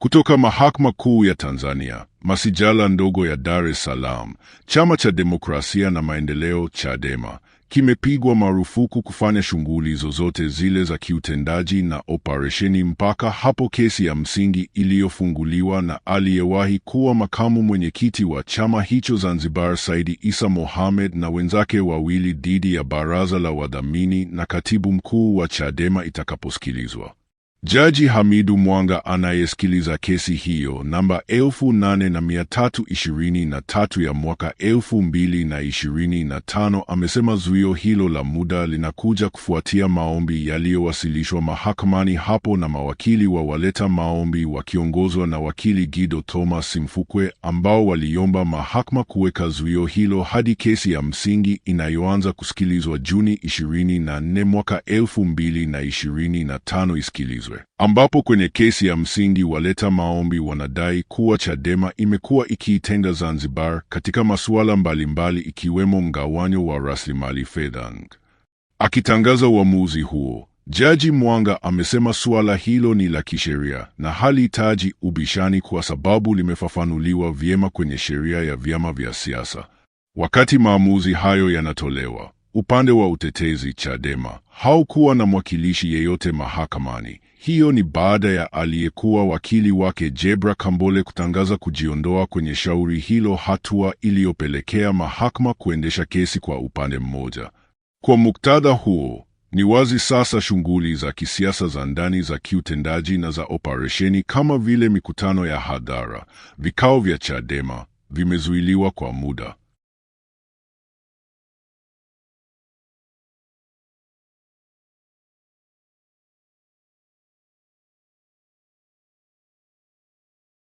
Kutoka Mahakama Kuu ya Tanzania, masijala ndogo ya Dar es Salaam, Chama cha Demokrasia na Maendeleo, Chadema, kimepigwa marufuku kufanya shughuli zozote zile za kiutendaji na operesheni mpaka hapo kesi ya msingi iliyofunguliwa na aliyewahi kuwa makamu mwenyekiti wa chama hicho Zanzibar, Saidi Isa Mohamed na wenzake wawili dhidi ya Baraza la Wadhamini na Katibu Mkuu wa Chadema itakaposikilizwa. Jaji Hamidu Mwanga anayesikiliza kesi hiyo namba 8323 ya mwaka 2025 amesema zuio hilo la muda linakuja kufuatia maombi yaliyowasilishwa mahakamani hapo na mawakili wa waleta maombi wakiongozwa na wakili Gido Thomas Simfukwe ambao waliomba mahakama kuweka zuio hilo hadi kesi ya msingi inayoanza kusikilizwa Juni 24 mwaka 2025 isikilizwe isikilizwe, ambapo kwenye kesi ya msingi waleta maombi wanadai kuwa Chadema imekuwa ikiitenga Zanzibar katika masuala mbalimbali ikiwemo mgawanyo wa rasilimali fedha. Akitangaza uamuzi huo, Jaji Mwanga amesema suala hilo ni la kisheria na halihitaji ubishani kwa sababu limefafanuliwa vyema kwenye sheria ya vyama vya siasa. Wakati maamuzi hayo yanatolewa Upande wa utetezi, Chadema haukuwa na mwakilishi yeyote mahakamani. Hiyo ni baada ya aliyekuwa wakili wake Jebra Kambole kutangaza kujiondoa kwenye shauri hilo, hatua iliyopelekea mahakama kuendesha kesi kwa upande mmoja. Kwa muktadha huo, ni wazi sasa shughuli za kisiasa za ndani za kiutendaji na za operesheni kama vile mikutano ya hadhara, vikao vya Chadema vimezuiliwa kwa muda.